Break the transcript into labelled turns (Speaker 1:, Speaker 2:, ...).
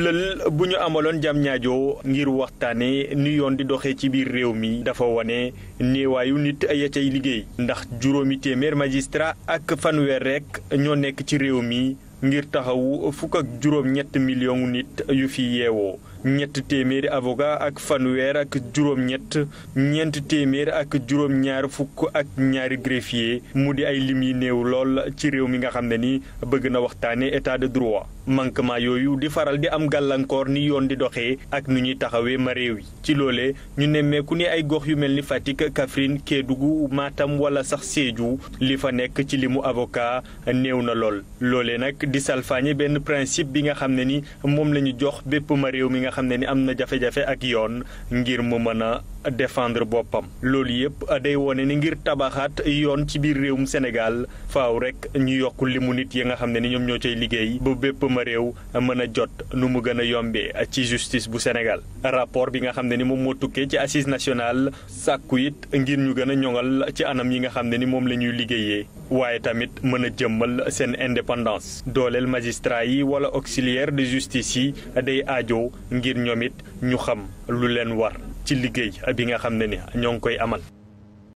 Speaker 1: lël bu ñu amaloon jam ñaajo ngir waxtaane ni yoon di doxee ci biir réew mi dafa wane néewaayu nit ya cay liggéey ndax juróomi téeméer magistrat ak fanweer rekk ñoo nekk ci réew mi ngir taxawu fukk ak juróom ñett million nit yu fi yeewoo ñett téeméeri avocat ak fanweer ak juróom-ñett ñeent téeméer ak juróom-ñaar fukk ak ñaari greffier mu di ay lim yi néew lool ci réew mi nga xam ne ni bëgg na waxtaane état de droit manquement yooyu di faral di am gàllankoor ni yoon di doxee ak nu ñuy taxawee ma réew yi ci loolee ñu nemmeeku ni ay gox yu mel ni Fatick Kaffrine Kédougou maatam wala sax Sédhiou li fa nekk ci li mu avocat néew na lool loolee nag di salfaañe benn principe bi nga xam ne ni moom la ñu jox bépp ma réew mi nga xam ne ni am na jafe-jafe ak yoon ngir mu mën a défendre boppam loolu yëpp day wone ni ngir tabaxaat yoon ci biir réewum Sénégal faaw rek ñu yokk limu nit yi nga xam ne ni ñoom ñoo cay liggéey sama réew mën a jot nu mu gën a ci justice bu Sénégal rapport bi nga xam ne ni moom moo tukkee ci assise nationale sàkku it ngir ñu gën a ñoŋal ci anam yi nga xam ne ni moom la ñuy liggéeyee waaye tamit mën a jëmmal seen indépendance dooleel magistrat yi wala auxiliaire de justice yi day ajo ngir ñoom it ñu xam lu leen war ci liggéey bi nga xam ne ni ñoo ngi koy amal